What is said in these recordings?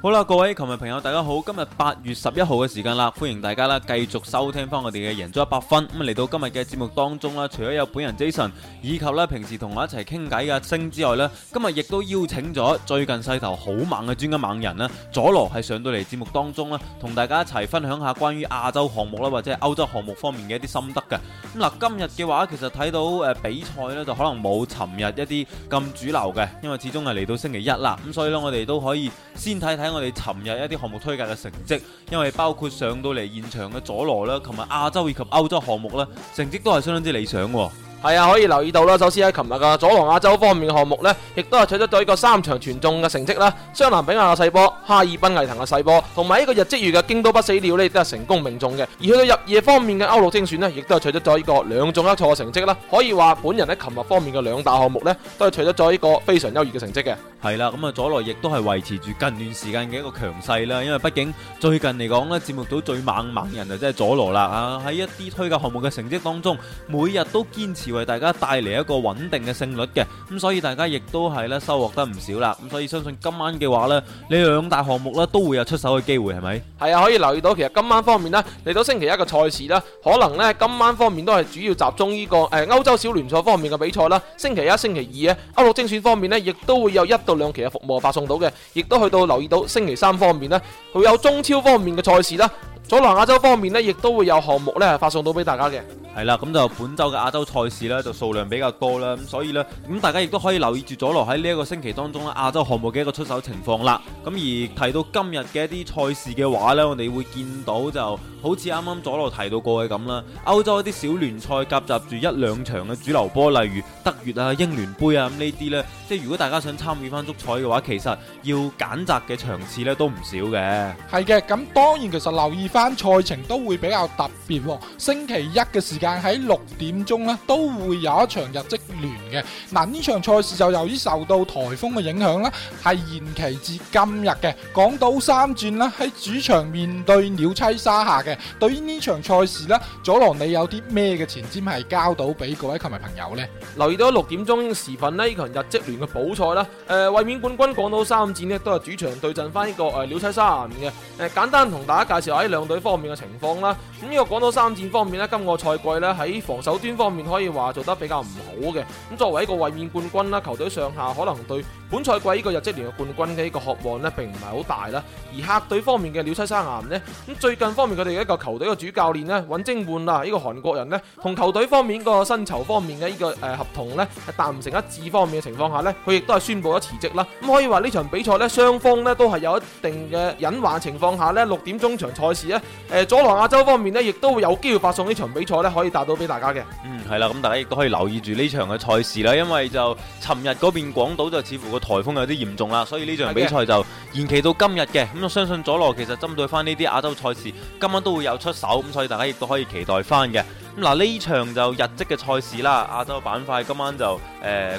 好啦，各位球迷朋友，大家好！今日八月十一號嘅時間啦，歡迎大家啦，繼續收聽翻我哋嘅贏咗一百分。咁嚟到今日嘅節目當中啦，除咗有本人 Jason 以及咧平時同我一齊傾偈嘅星之外咧，今日亦都邀請咗最近勢頭好猛嘅專家猛人咧，佐羅係上到嚟節目當中啦，同大家一齊分享下關於亞洲項目啦或者係歐洲項目方面嘅一啲心得嘅。咁嗱，今日嘅話其實睇到誒比賽咧就可能冇尋日一啲咁主流嘅，因為始終係嚟到星期一啦，咁所以咧我哋都可以先睇睇。我哋尋日一啲項目推介嘅成績，因為包括上到嚟現場嘅佐羅啦，同埋亞洲以及歐洲項目啦，成績都係相當之理想喎。係啊，可以留意到啦。首先喺琴日嘅佐羅亞洲方面嘅項目呢，亦都係取得咗呢個三場全中嘅成績啦。湘南比亞嘅細波，哈爾濱毅騰嘅細波，同埋呢個日積月嘅京都不死鳥咧，亦都係成功命中嘅。而去到入夜方面嘅歐陸精選呢，亦都係取得咗呢個兩中一錯嘅成績啦。可以話本人喺琴日方面嘅兩大項目呢，都係取得咗呢個非常優異嘅成績嘅。係啦，咁啊，佐羅亦都係維持住近段時間嘅一個強勢啦。因為畢竟最近嚟講呢，節目組最猛猛人就即係佐羅啦。啊，喺一啲推介項目嘅成績當中，每日都堅持。要為大家帶嚟一個穩定嘅勝率嘅，咁所以大家亦都係咧收穫得唔少啦，咁所以相信今晚嘅話呢，你兩大項目呢都會有出手嘅機會係咪？係啊，可以留意到，其實今晚方面呢嚟到星期一嘅賽事啦，可能呢今晚方面都係主要集中呢個誒歐洲小聯賽方面嘅比賽啦。星期一、星期二啊，歐陸精選方面呢，亦都會有一到兩期嘅服務發送到嘅，亦都去到留意到星期三方面呢，會有中超方面嘅賽事啦。佐羅亞洲方面呢，亦都會有項目呢發送到俾大家嘅。係啦，咁就本周嘅亞洲賽事呢，就數量比較多啦。咁所以呢，咁大家亦都可以留意住佐羅喺呢一個星期當中呢亞洲項目嘅一個出手情況啦。咁而提到今日嘅一啲賽事嘅話呢，我哋會見到就好似啱啱佐羅提到過嘅咁啦。歐洲一啲小聯賽夾雜住一兩場嘅主流波，例如德乙啊、英聯杯啊咁呢啲呢。即係如果大家想參與翻足彩嘅話，其實要揀擇嘅場次呢都唔少嘅。係嘅，咁當然其實留意翻班賽程都會比較特別喎、哦。星期一嘅時間喺六點鐘咧，都會有一場日職聯嘅。嗱、啊、呢場賽事就由於受到颱風嘅影響咧，係延期至今日嘅。港島三戰呢喺主場面對鳥妻沙岩嘅。對於呢場賽事呢，佐羅你有啲咩嘅前瞻係交到俾各位球迷朋友呢？留意到六點鐘的時分呢，呢場日職聯嘅補賽啦。誒、呃，衛冕冠軍港島三戰呢，都係主場對陣翻呢個誒、呃、鳥妻沙岩嘅。誒、呃，簡單同大家介紹一下呢兩。隊方面嘅情況啦，咁、這、呢個廣島三戰方面咧，今個賽季咧喺防守端方面可以話做得比較唔好嘅。咁作為一個衛冕冠軍啦，球隊上下可能對本賽季呢個日職聯嘅冠軍嘅呢個渴望咧，並唔係好大啦。而客隊方面嘅鳥棲砂岩咧，咁最近方面佢哋一個球隊嘅主教練咧尹晶煥啊呢個韓國人咧同球隊方面個薪酬方面嘅呢個誒合同咧係達唔成一致方面嘅情況下咧，佢亦都係宣布咗辭職啦。咁可以話呢場比賽咧，雙方咧都係有一定嘅隱患的情況下咧，六點鐘場賽事佐羅亞洲方面呢，亦都會有機會發送呢場比賽呢，可以帶到俾大家嘅。嗯，係啦，咁大家亦都可以留意住呢場嘅賽事啦，因為就尋日嗰邊廣島就似乎個台風有啲嚴重啦，所以呢場比賽就延期到今日嘅。咁我相信佐羅其實針對翻呢啲亞洲賽事，今晚都會有出手，咁所以大家亦都可以期待翻嘅。嗱，呢場就日職嘅賽事啦，亞洲板塊今晚就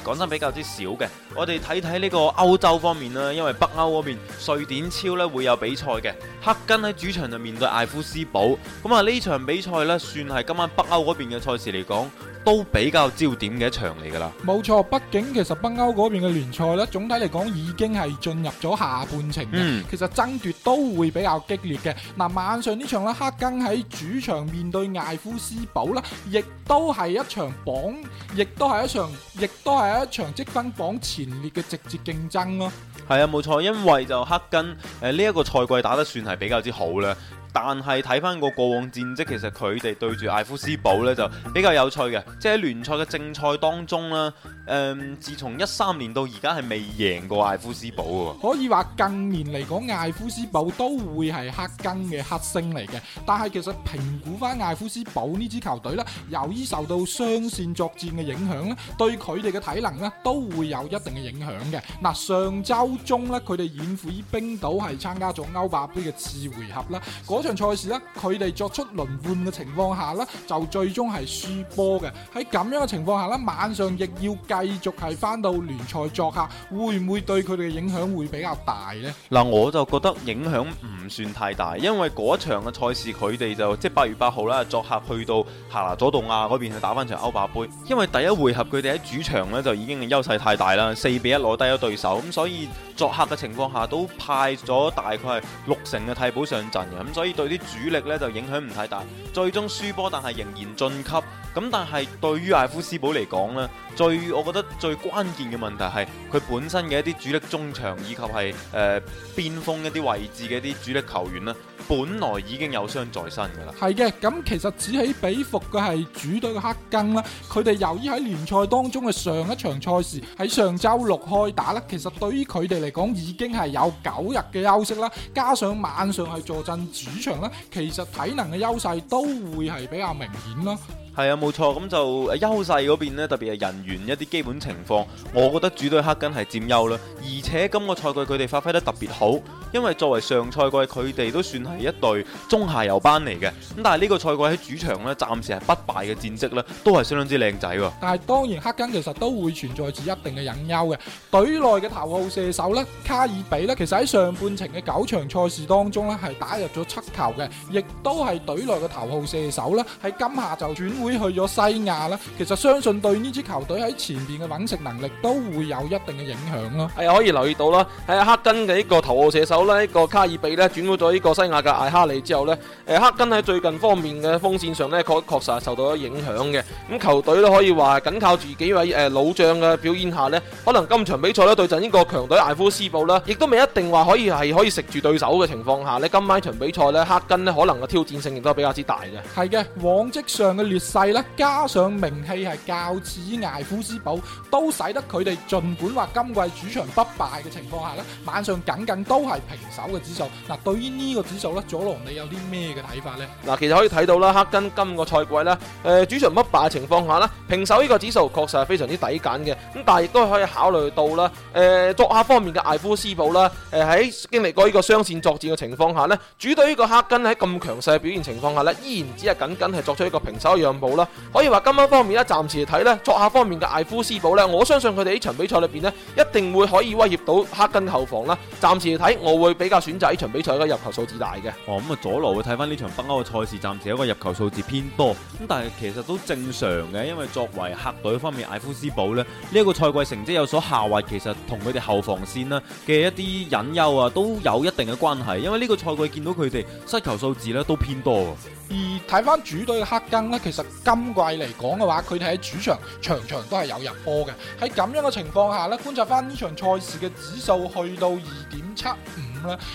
講得、呃、比較之少嘅，我哋睇睇呢個歐洲方面啦，因為北歐嗰邊瑞典超呢會有比賽嘅，黑根喺主場就面對艾夫斯堡，咁啊呢場比賽呢，算係今晚北歐嗰邊嘅賽事嚟講，都比較焦點嘅一場嚟㗎啦，冇錯。畢竟其實北歐嗰邊嘅聯賽呢，總體嚟講已經係進入咗下半程嘅，嗯、其實爭奪都會比較激烈嘅。嗱、啊，晚上呢場呢，黑根喺主場面對艾夫斯堡啦，亦都係一場榜，亦都係一場，亦都係一場積分榜前列嘅直接競爭咯。係啊，冇錯，因為就黑根誒呢一個賽季打得算係比較之好啦。但係睇翻個過往戰績，其實佢哋對住艾夫斯堡呢就比較有趣嘅，即係喺聯賽嘅正賽當中啦。誒、嗯，自從一三年到而家係未贏過艾夫斯堡喎。可以話近年嚟講，艾夫斯堡都會係黑金嘅黑星嚟嘅。但係其實評估翻艾夫斯堡呢支球隊咧，由於受到雙線作戰嘅影響咧，對佢哋嘅體能呢都會有一定嘅影響嘅。嗱，上周中呢，佢哋遠赴於冰島係參加咗歐霸杯嘅次回合啦。嗰場賽事呢，佢哋作出輪換嘅情況下呢，就最終係輸波嘅。喺咁樣嘅情況下呢，晚上亦要繼續係翻到聯賽作客，會唔會對佢哋嘅影響會比較大呢？嗱，我就覺得影響唔算太大，因為嗰場嘅賽事佢哋就即係八月八號啦，作客去到夏拿佐度亞嗰邊去打翻場歐霸杯。因為第一回合佢哋喺主場呢，就已經係優勢太大啦，四比一攞低咗對手，咁所以作客嘅情況下都派咗大概六成嘅替補上陣嘅，咁所以。對啲主力咧，就影響唔太大，最終輸波，但係仍然晉級。咁但係對於艾夫斯堡嚟講咧，最我覺得最關鍵嘅問題係佢本身嘅一啲主力中場以及係誒、呃、邊鋒一啲位置嘅一啲主力球員啦。本來已經有傷在身㗎啦，係嘅。咁其實此起彼伏嘅係主隊嘅黑金啦，佢哋由於喺聯賽當中嘅上一場賽事喺上週六開打啦，其實對於佢哋嚟講已經係有九日嘅休息啦，加上晚上係坐鎮主場啦，其實體能嘅優勢都會係比較明顯啦。係啊，冇錯，咁就優勢嗰邊咧，特別係人員一啲基本情況，我覺得主隊黑根係佔優啦。而且今個賽季佢哋發揮得特別好，因為作為上賽季佢哋都算係一隊中下游班嚟嘅。咁但係呢個賽季喺主場咧，暫時係不敗嘅戰績咧，都係相當之靚仔㗎。但係當然黑根其實都會存在住一定嘅隱憂嘅，隊內嘅頭號射手咧，卡爾比咧，其實喺上半程嘅九場賽事當中咧，係打入咗七球嘅，亦都係隊內嘅頭號射手咧。喺今夏就轉會。去咗西亞啦，其實相信對呢支球隊喺前邊嘅揾食能力都會有一定嘅影響咯。係可以留意到啦，喺阿黑根嘅呢個頭號射手呢，一個卡爾比咧轉咗呢個西亞嘅艾哈利之後呢，誒黑根喺最近方面嘅鋒線上咧確確實係受到咗影響嘅。咁球隊咧可以話係緊靠住幾位誒老將嘅表現下呢，可能今場比賽咧對陣呢個強隊艾夫斯堡啦，亦都未一定話可以係可以食住對手嘅情況下呢，今晚一場比賽呢，黑根咧可能嘅挑戰性亦都係比較之大嘅。係嘅，往績上嘅劣細加上名氣係較似艾夫斯堡，都使得佢哋盡管話今季主場不敗嘅情況下咧，晚上僅僅都係平手嘅指數。嗱，對於呢個指數咧，佐羅你有啲咩嘅睇法呢？嗱，其實可以睇到啦，黑根今個賽季咧，誒主場不敗嘅情況下咧，平手呢個指數確實係非常之抵揀嘅。咁但係亦都可以考慮到啦，誒作客方面嘅艾夫斯堡啦，誒喺經歷過呢個雙線作戰嘅情況下咧，主隊呢個黑根喺咁強勢嘅表現情況下咧，依然只係僅僅係作出一個平手讓。冇啦，可以話今晚方面咧，暫時嚟睇咧，作客方面嘅艾夫斯堡呢，我相信佢哋呢場比賽裏邊呢，一定會可以威脅到黑根後防啦。暫時嚟睇，我會比較選擇呢場比賽嘅入球數字大嘅。哦，咁、嗯、啊，佐羅會睇翻呢場北歐嘅賽事，暫時有個入球數字偏多，咁但係其實都正常嘅，因為作為客隊方面，艾夫斯堡呢，呢、呢個賽季成績有所下滑，其實同佢哋後防線呢嘅一啲隱憂啊，都有一定嘅關係。因為呢個賽季見到佢哋失球數字呢，都偏多。而睇翻主隊嘅黑根呢，其實今季嚟講嘅話，佢哋喺主場場場都係有入波嘅。喺咁樣嘅情況下呢，觀察翻呢場賽事嘅指數去到二點七五。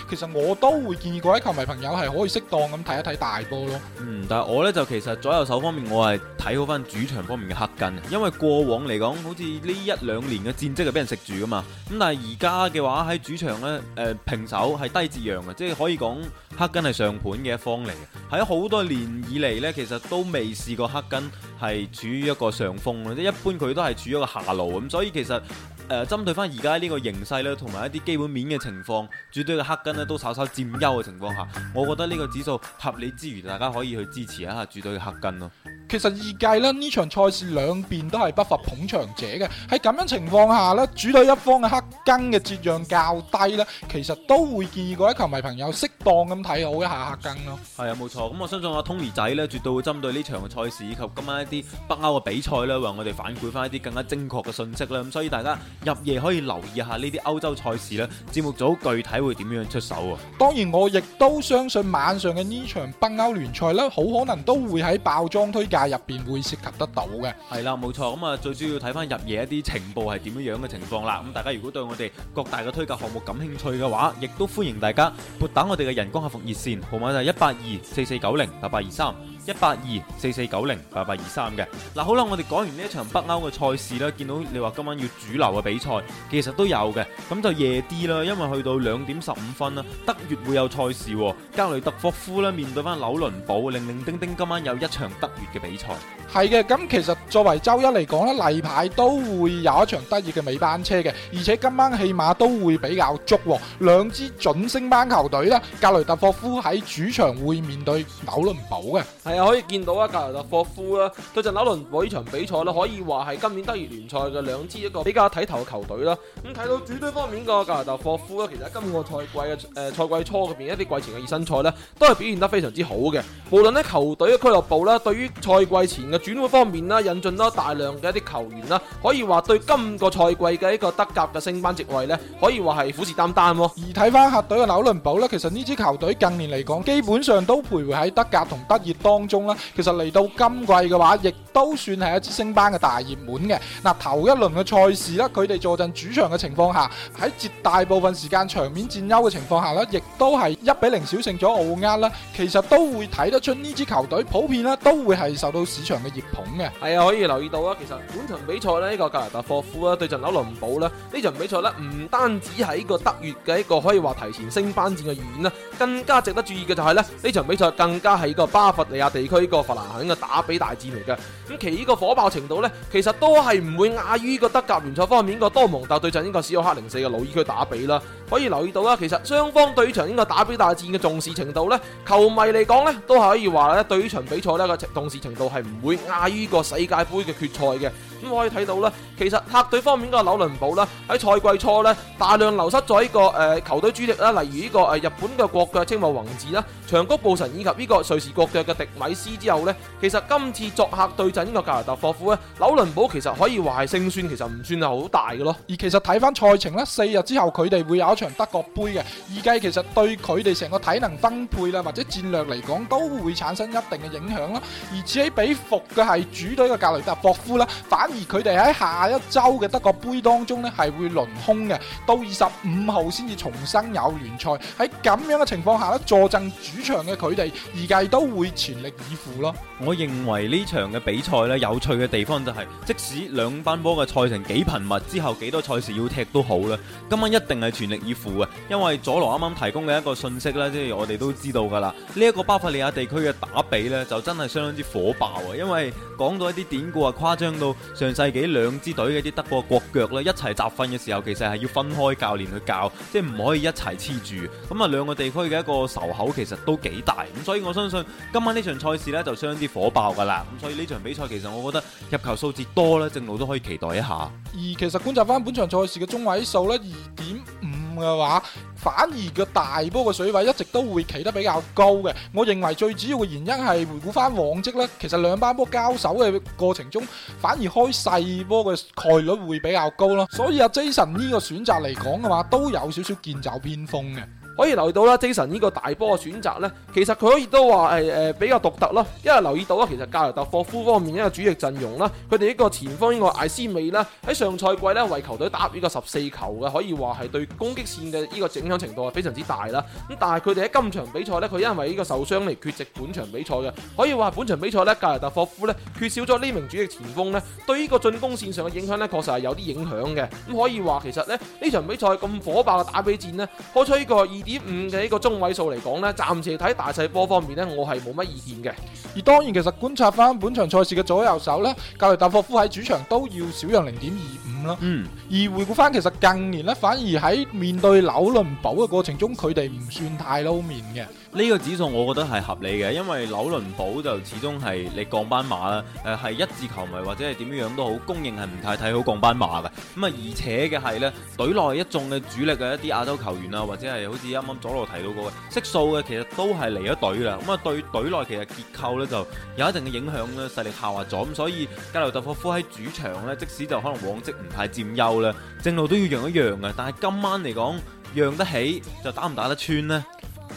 其實我都會建議各位球迷朋友係可以適當咁睇一睇大波咯。嗯，但係我呢，就其實左右手方面，我係睇好翻主場方面嘅黑根。因為過往嚟講，好似呢一兩年嘅戰績係俾人食住噶嘛。咁但係而家嘅話喺主場呢，誒、呃、平手係低字讓嘅，即係可以講黑根係上盤嘅一方嚟嘅。喺好多年以嚟呢，其實都未試過黑根係處於一個上風，即一般佢都係處於一個下路咁，所以其實。誒、呃，針對翻而家呢個形勢咧，同埋一啲基本面嘅情況，主隊嘅黑根咧都稍稍佔優嘅情況下，我覺得呢個指數合理之餘，大家可以去支持一下主隊嘅黑根咯。其實預計咧，呢場賽事兩邊都係不乏捧場者嘅，喺咁樣情況下咧，主隊一方嘅黑根嘅折讓較低呢，其實都會建議各位球迷朋友適當咁睇好一下黑根咯。係啊，冇錯。咁我相信阿 Tony 仔呢，絕對會針對呢場嘅賽事以及今晚一啲北歐嘅比賽呢，為我哋反饋翻一啲更加精確嘅信息啦。咁所以大家。入夜可以留意下呢啲歐洲賽事呢，節目組具體會點樣出手啊？當然，我亦都相信晚上嘅呢場北歐聯賽呢，好可能都會喺爆莊推介入邊會涉及得到嘅。係啦，冇錯，咁、嗯、啊，最主要睇翻入夜一啲情報係點樣樣嘅情況啦。咁、嗯、大家如果對我哋各大嘅推介項目感興趣嘅話，亦都歡迎大家撥打我哋嘅人工客服熱線號碼就係一八二四四九零八八二三。一八二四四九零八八二三嘅嗱，好啦，我哋講完呢一場北歐嘅賽事啦，見到你話今晚要主流嘅比賽，其實都有嘅，咁就夜啲啦，因為去到兩點十五分啦，德乙會有賽事，格雷特霍夫啦，面對翻紐倫堡，零零丁丁今晚有一場德乙嘅比賽。係嘅，咁其實作為周一嚟講咧，例牌都會有一場德乙嘅尾班車嘅，而且今晚起碼都會比較足，兩支準升班球隊啦，格雷特霍夫喺主場會面對紐倫堡嘅。又可以見到啊！格拉特霍夫啦，對陣紐倫堡呢場比賽呢，可以話係今年德乙聯賽嘅兩支一個比較睇頭嘅球隊啦。咁睇到主隊方面個格拉特霍夫咧，其實喺今個賽季嘅誒、呃、賽季初入邊一啲季前嘅熱身賽呢，都係表現得非常之好嘅。無論呢球隊嘅俱樂部啦，對於賽季前嘅轉會方面啦，引進咗大量嘅一啲球員啦，可以話對今個賽季嘅一個德甲嘅升班席位呢，可以話係虎視眈眈。而睇翻客隊嘅紐倫堡呢，其實呢支球隊近年嚟講，基本上都徘徊喺德甲同德乙當中啦，其實嚟到今季嘅話，亦都算係一支升班嘅大熱門嘅。嗱，頭一輪嘅賽事咧，佢哋坐鎮主場嘅情況下，喺絕大部分時間場面佔優嘅情況下呢，亦都係一比零小勝咗奧亞啦。其實都會睇得出呢支球隊普遍呢都會係受到市場嘅熱捧嘅。係啊，可以留意到啊，其實本場比賽呢，呢、這個格拉特霍夫啊對陣紐倫堡啦，呢場比賽呢唔單止係一個德乙嘅一個可以話提前升班戰嘅預演啦，更加值得注意嘅就係咧，呢場比賽更加係一個巴伐利亞。地區呢個法蘭肯嘅打比大戰嚟嘅，咁其呢個火爆程度呢，其實都係唔會亞於呢個德甲聯賽方面個多蒙特對陣呢個史浩克零四嘅老伊區打比啦。可以留意到啦，其實雙方對場呢個打比大戰嘅重視程度呢，球迷嚟講呢，都係可以話呢對呢場比賽呢個重視程度係唔會亞於呢個世界杯嘅決賽嘅。咁可以睇到啦，其實客隊方面嘅紐倫堡啦，喺賽季初呢，大量流失咗呢個誒球隊主力啦，例如呢個誒日本嘅國腳青木宏治啦、長谷部誠以及呢個瑞士國腳嘅迪米斯之後呢。其實今次作客對陣呢個格雷特霍夫咧，紐倫堡其實可以話係勝算，其實唔算係好大嘅咯。而其實睇翻賽程啦，四日之後佢哋會有一場德國杯嘅，預計其實對佢哋成個體能分配啦或者戰略嚟講都會產生一定嘅影響啦。而且比服嘅係主隊嘅格雷特霍夫啦，反。而佢哋喺下一周嘅德國杯當中咧係會輪空嘅，到二十五號先至重新有聯賽。喺咁樣嘅情況下咧，坐鎮主場嘅佢哋，而家都會全力以赴咯。我認為這場呢場嘅比賽咧，有趣嘅地方就係、是，即使兩班波嘅賽程幾頻密之後，幾多賽事要踢都好啦。今晚一定係全力以赴嘅，因為佐羅啱啱提供嘅一個信息呢，即、就、係、是、我哋都知道噶啦。呢、這、一個巴伐利亞地區嘅打比呢，就真係相當之火爆啊！因為講到一啲典故啊，誇張到～上世紀兩支隊嘅啲德國國腳咧一齊集訓嘅時候，其實係要分開教練去教，即係唔可以一齊黐住。咁啊兩個地區嘅一個仇口其實都幾大，咁所以我相信今晚呢場賽事呢就相當火爆噶啦。咁所以呢場比賽其實我覺得入球數字多呢，正路都可以期待一下。而其實觀察翻本場賽事嘅中位數呢，二點五，嘅話，反而個大波嘅水位一直都會企得比較高嘅。我認為最主要嘅原因係回顧翻往績呢，其實兩班波交手嘅過程中，反而開細波嘅概率會比較高咯。所以阿 Jason 呢個選擇嚟講嘅話，都有少少劍走偏鋒嘅。可以留意到啦，Jason 呢個大波嘅選擇呢，其實佢可以都話係誒比較獨特咯。因為留意到啊，其實格雷特霍夫方面一個主力陣容啦，佢哋呢個前方呢個艾斯美啦，喺上賽季呢為球隊打入呢個十四球嘅，可以話係對攻擊線嘅呢個影響程度係非常之大啦。咁但係佢哋喺今場比賽呢，佢因為呢個受傷嚟缺席本場比賽嘅，可以話本場比賽呢，格雷特霍夫呢缺少咗呢名主力前鋒呢，對呢個進攻線上嘅影響呢確實係有啲影響嘅。咁可以話其實呢呢場比賽咁火爆嘅打比戰呢，開出呢個二點五嘅呢個中位數嚟講咧，暫時睇大細波方面咧，我係冇乜意見嘅。而當然其實觀察翻本場賽事嘅左右手咧，格雷特霍夫喺主場都要少讓零點二五。嗯，而回顧翻其實近年咧，反而喺面對紐倫堡嘅過程中，佢哋唔算太露面嘅。呢個指數我覺得係合理嘅，因為紐倫堡就始終係你降班馬啦，誒係一字球迷或者係點樣樣都好，公認係唔太睇好降班馬嘅。咁啊，而且嘅係呢，隊內一眾嘅主力嘅一啲亞洲球員啊，或者係好似啱啱佐羅提到過嘅，色數嘅其實都係嚟咗隊啦。咁啊，對隊內其實結構呢，就有一定嘅影響啦，勢力下滑咗。咁所以加留特霍夫喺主場呢，即使就可能往績唔。太佔優啦，正路都要讓一讓啊！但係今晚嚟講，讓得起就打唔打得穿咧。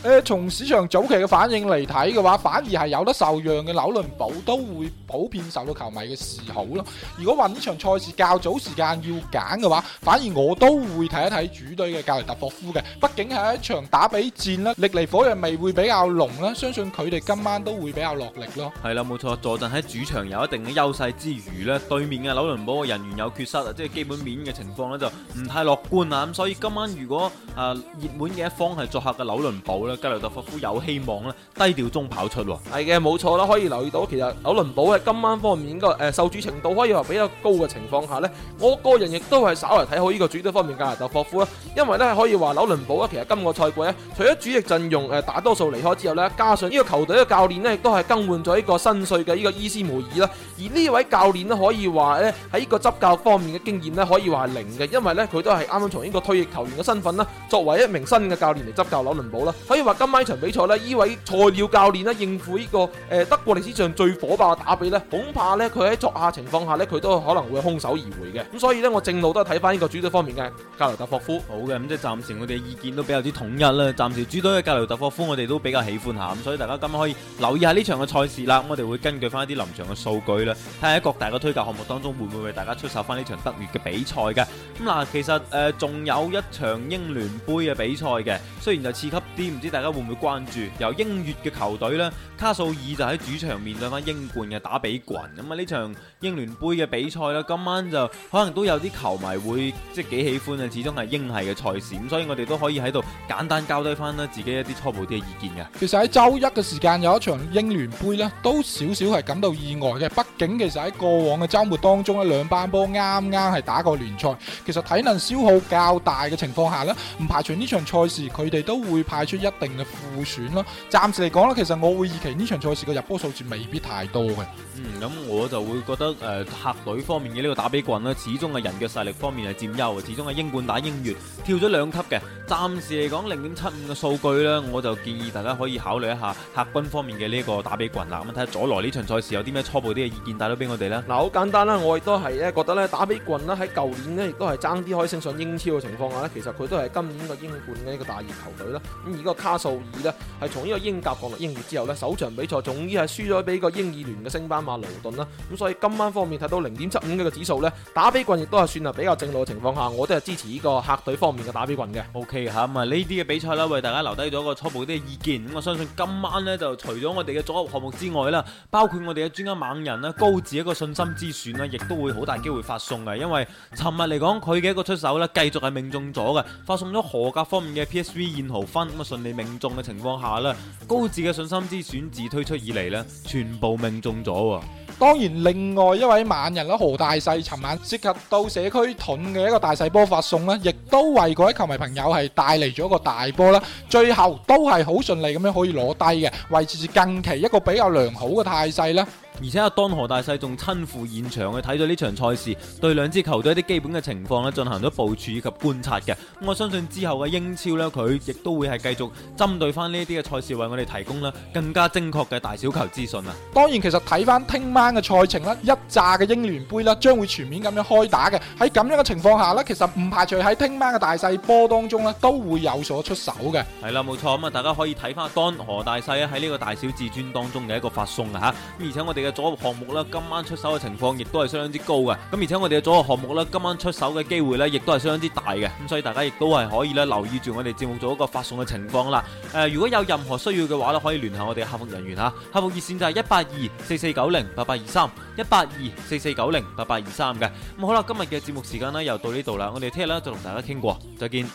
誒，從市場早期嘅反應嚟睇嘅話，反而係有得受讓嘅紐倫堡都會普遍受到球迷嘅示好咯。如果話呢場賽事較早時間要揀嘅話，反而我都會睇一睇主隊嘅格雷特霍夫嘅，畢竟係一場打比戰啦，力尼火藥味會比較濃啦，相信佢哋今晚都會比較落力咯。係啦，冇錯，坐鎮喺主場有一定嘅優勢之餘咧，對面嘅紐倫堡嘅人員有缺失啊，即係基本面嘅情況咧就唔太樂觀啊。咁所以今晚如果誒熱門嘅一方係作客嘅紐倫堡。加雷特霍夫有希望啦，低調中跑出，哦。係嘅，冇錯啦，可以留意到，其實紐倫堡喺今晚方面個誒、呃、受注程度可以話比較高嘅情況下呢，我個人亦都係稍為睇好呢個主隊方面嘅格雷特霍夫啦，因為呢可以話紐倫堡呢其實今個賽季除咗主力陣容誒大多數離開之後呢，加上呢個球隊嘅教練呢，亦都係更換咗一個新帥嘅呢個伊斯梅爾啦，而呢位教練呢，可以話呢喺呢個執教方面嘅經驗呢，可以話係零嘅，因為呢，佢、呃、都係啱啱從呢個退役球員嘅身份啦，作為一名新嘅教練嚟執教紐倫堡啦，即係話今晚場比賽咧，呢位菜鳥教練咧應付呢個誒德國歷史上最火爆嘅打比咧，恐怕咧佢喺作客情況下咧，佢都可能會空手而回嘅。咁所以咧，我正路都係睇翻呢個主隊方面嘅格雷特霍夫。好嘅，咁即係暫時我哋意見都比較之統一啦。暫時主隊嘅格雷特霍夫，我哋都比較喜歡下。咁所以大家今晚可以留意下呢場嘅賽事啦。我哋會根據翻一啲臨場嘅數據啦，睇下各大嘅推介項目當中會唔會為大家出手翻呢場德乙嘅比賽嘅。咁嗱，其實誒仲有一場英聯杯嘅比賽嘅，雖然就次級啲，唔知。大家會唔會關注由英乙嘅球隊咧？卡素爾就喺主場面對翻英冠嘅打比郡咁啊！呢場英聯杯嘅比賽咧，今晚就可能都有啲球迷會即係幾喜歡啊！始終係英系嘅賽事，咁所以我哋都可以喺度簡單交低翻啦自己一啲初步啲嘅意見嘅。其實喺週一嘅時間有一場英聯杯咧，都少少係感到意外嘅。畢竟其實喺過往嘅周末當中咧，兩班波啱啱係打過聯賽，其實體能消耗較大嘅情況下咧，唔排除呢場賽事佢哋都會派出一定嘅副選咯，暫時嚟講呢其實我會預期呢場賽事嘅入波數字未必太多嘅。嗯，咁我就會覺得誒、呃、客隊方面嘅呢個打比郡咧，始終係人嘅勢力方面係佔優，始終係英冠打英乙，跳咗兩級嘅。暫時嚟講零點七五嘅數據呢，我就建議大家可以考慮一下客軍方面嘅呢一個打比郡啦。咁睇下佐羅呢場賽事有啲咩初步啲嘅意見帶到俾我哋呢？嗱，好簡單啦，我亦都係咧覺得呢，打比郡咧喺舊年呢，亦都係爭啲可以升上英超嘅情況下呢，其實佢都係今年嘅英冠嘅一個大熱球隊啦。咁而個加數二呢，係從呢個英甲降入英乙之後呢，首場比賽終於係輸咗俾個英乙聯嘅升班馬盧頓啦。咁所以今晚方面睇到零點七五呢個指數呢，打比郡亦都係算係比較正路嘅情況下，我都係支持呢個客隊方面嘅打比郡嘅。O K 吓咁啊，呢啲嘅比賽呢，為大家留低咗個初步啲意見。咁我相信今晚呢，就除咗我哋嘅組合項目之外啦，包括我哋嘅專家猛人呢，高志一個信心之選呢，亦都會好大機會發送嘅。因為尋日嚟講佢嘅一個出手呢，繼續係命中咗嘅，發送咗荷甲方面嘅 P S V 燕豪芬咁啊，順利。命中嘅情況下咧，高智嘅信心之選自推出以嚟呢，全部命中咗喎。當然，另外一位猛人啦，何大細，尋晚涉及到社區盾嘅一個大細波發送呢，亦都為各位球迷朋友係帶嚟咗一個大波啦。最後都係好順利咁樣可以攞低嘅，維持住近期一個比較良好嘅態勢啦。而且阿當何大細仲親赴現場去睇咗呢場賽事，對兩支球隊一啲基本嘅情況咧進行咗部署以及觀察嘅。我相信之後嘅英超呢，佢亦都會係繼續針對翻呢啲嘅賽事，為我哋提供更加精確嘅大小球資訊啊！當然，其實睇翻聽晚嘅賽程，一炸嘅英聯杯咧將會全面咁樣開打嘅。喺咁樣嘅情況下，其實唔排除喺聽晚嘅大細波當中都會有所出手嘅。係啦，冇錯。咁啊，大家可以睇翻阿當何大細喺呢個大小至尊當中嘅一個發送吓。而且我哋嘅組合項目咧，今晚出手嘅情況亦都係相當之高嘅。咁而且我哋嘅組合項目咧，今晚出手嘅機會咧，亦都係相當之大嘅。咁所以大家亦都係可以咧，留意住我哋節目組嗰個發送嘅情況啦。誒，如果有任何需要嘅話咧，可以聯繫我哋客服人員吓，客服熱線就係一八二四四九零八八二三一八二四四九零八八二三嘅。咁好啦，今日嘅節目時間咧又到呢度啦，我哋聽日咧就同大家傾過，再見。